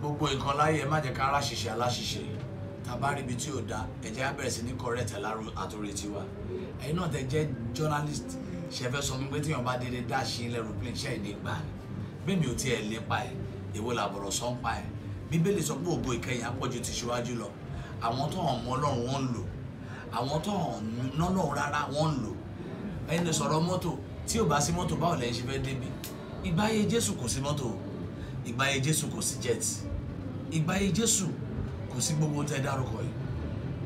gbogbo nǹkan láyé ẹ má jẹ́ ká aláṣìṣe aláṣìṣe tàbá ríbi tí ò da ẹ jẹ́ á bẹ̀rẹ̀ sí ní correct ẹ̀ lárú àtòrí tiwa náà tẹ jẹ́ journalist ṣe fẹ́ sọ mi pé tíyàn bá dédé dá sí ilẹ̀ rúplin ṣe ìdí gbà ni bẹ́ẹ̀ mi ò tiẹ̀ lè pa èwo làbọ̀rọ̀ sọ ń pa ẹ̀ bíbélì sọ pé ògo ìkẹyìn àpọ̀jù ti ṣíwájú lọ àwọn tó hàn mọ́ ọlọ́run wọ́n ń lò àwọn tó hàn nọ́lọ́run rárá wọ́n ń lò ẹni sọ̀rọ̀ mọ́tò tí ò bá sí mọ́tò báwo lẹ́yìn ṣe fẹ́ débi ìgbáyé jésù kò sí mọ́tò ìgbáyé jésù kò sí jet ìgbáyé jésù kò sí gbogbo tẹ dárúkọ yìí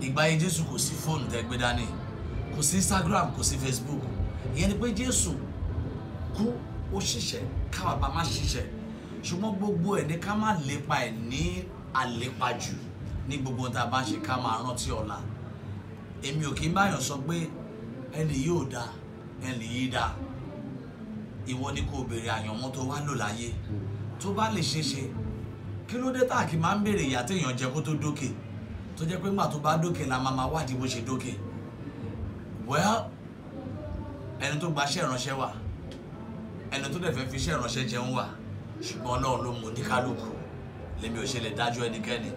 ìgbáyé jésù kò sí fóònù tẹ gbé dání kò sí instagram kò sí facebook ìyẹn ni pé jésù kú ó ṣiṣẹ́ káwa bá má ṣiṣẹ́ ṣùgbọ́n gbogbo ẹ̀ ní ká má lépa ẹ̀ ní àlépa ní gbogbo ohun tá a bá ṣe ká máa rántí ọ̀la èmi ò kí ń báyọ̀ sọ pé ẹni yóò dáa ẹnì yìí dá ìwọ ni kò béèrè àyànmọ́ tó wá lò láyé tó bá lè ṣeé ṣe kí ló dé táàkì máa ń béèrè ìyá téèyàn jẹ kó tó dókè tó jẹ pé ńgbà tó bá dókè la máa máa wádìí bó ṣe dókè well ẹni tó gbaṣẹ́ ìránṣẹ́ wà ẹni tó dẹ̀ fẹ́ fi iṣẹ́ ìránṣẹ́ jẹun wà ṣùgbọ́n Ọlọ́run ló mú oníkálukú lèmi ò ṣe lè dájọ́ ẹnikẹ́ni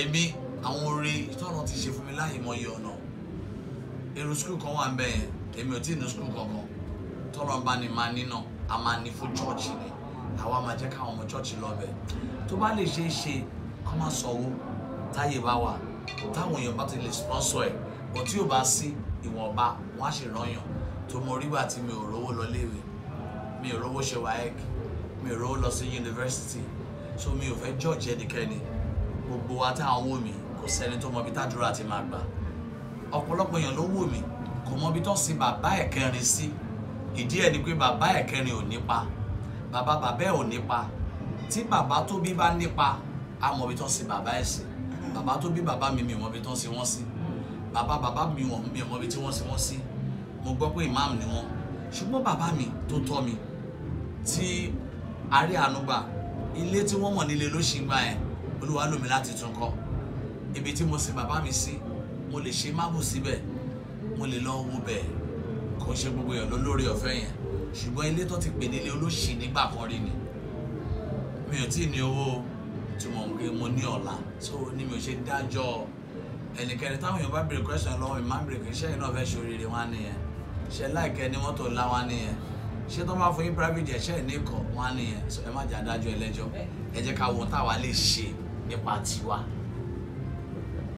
èmi àwọn oore tọ́nà ti ṣe fún mi láì mọyì ọ̀nà irú skul kan wà bẹ́ẹ̀ èmi ò tí ì ní skul kankan tọ́lọ́ bá ní máa ní náà a máa ní fún chọ́ọ̀chì ni àwa máa jẹ́ káwọn ọmọ chọ́ọ̀chì lọ bẹ̀ tó bá lè ṣeé ṣe kó má sanwó táyé bá wà táwọn èèyàn bá ti lè sponsor ẹ̀ bọ̀ tí ò bá sí ìwọ̀nba wọ́n á sì rányàn tó mo rí tí mi ò rówó lọ léèwé mi ò rówó ṣe WAEC mi ò rówó lọ sí yunifásitì so mi ò fẹ́ jọ́ọ̀jì ẹnikẹ́ni gbogbo wa táwọn wò mí kò sẹ́ni tó mọ bí tádúrà ti máa gbà ọ̀pọ̀lọpọ̀ èèyàn ló wò mí kò mọ ibi tó sin bàbá ẹ̀ kẹrin sí ìdí ẹ̀ ni pé bàbá ẹ̀ kẹrin ò nípa bàbá bàbá ẹ̀ ò nípa tí bàbá tó bí bá nípa a mọ ibi tó sin bàbá ẹ̀ sí bàbá tó bí bàbá mi mi mọ ibi tó sin wọ́n sí bàbá bàbá mi wọ̀n mi mọ ibi tí wọ́n sin wọ́n sí mo gbọ́ pé ìmáàmù ni wọ́n ṣùgbọ́n bàbá mi tó tọ́ mi tí arí ànúgbà ilé tí wọ́n mọ̀ nílé ló ṣì gbà yẹn olúwa lómi láti tún kọ́ ibi tí mo sin bàbá mi sí si mo lè ṣe mábù síbẹ̀ mo lè lọ wo bẹ̀ kò ṣe gbogbo èèyàn lólórí ọ̀fẹ́ yẹn ṣùgbọ́n ilé tó ti pè nílé olóṣì nígbà kan rí ni mi ò tí ì ní owó tí mo ń gbé mo ní ọ̀la so ni mi ò ṣe dájọ́ ẹnikẹ́ni táwọn èèyàn bá béèrè question lọ́wọ́ mi máa ń béèrè iṣẹ́ yìí náà fẹ́ ṣe oríire wá nìyẹn ṣe láìkẹ́ ní mọ́tò ńlá wá nìyẹn ṣé tó bá fún yín private jet ní ìkọ̀ wá nìyẹn so ẹ má jẹ́ adájọ́ ẹlẹ́jọ́ ẹ jẹ́ ká wo táwa lè ṣe nípa tiwa.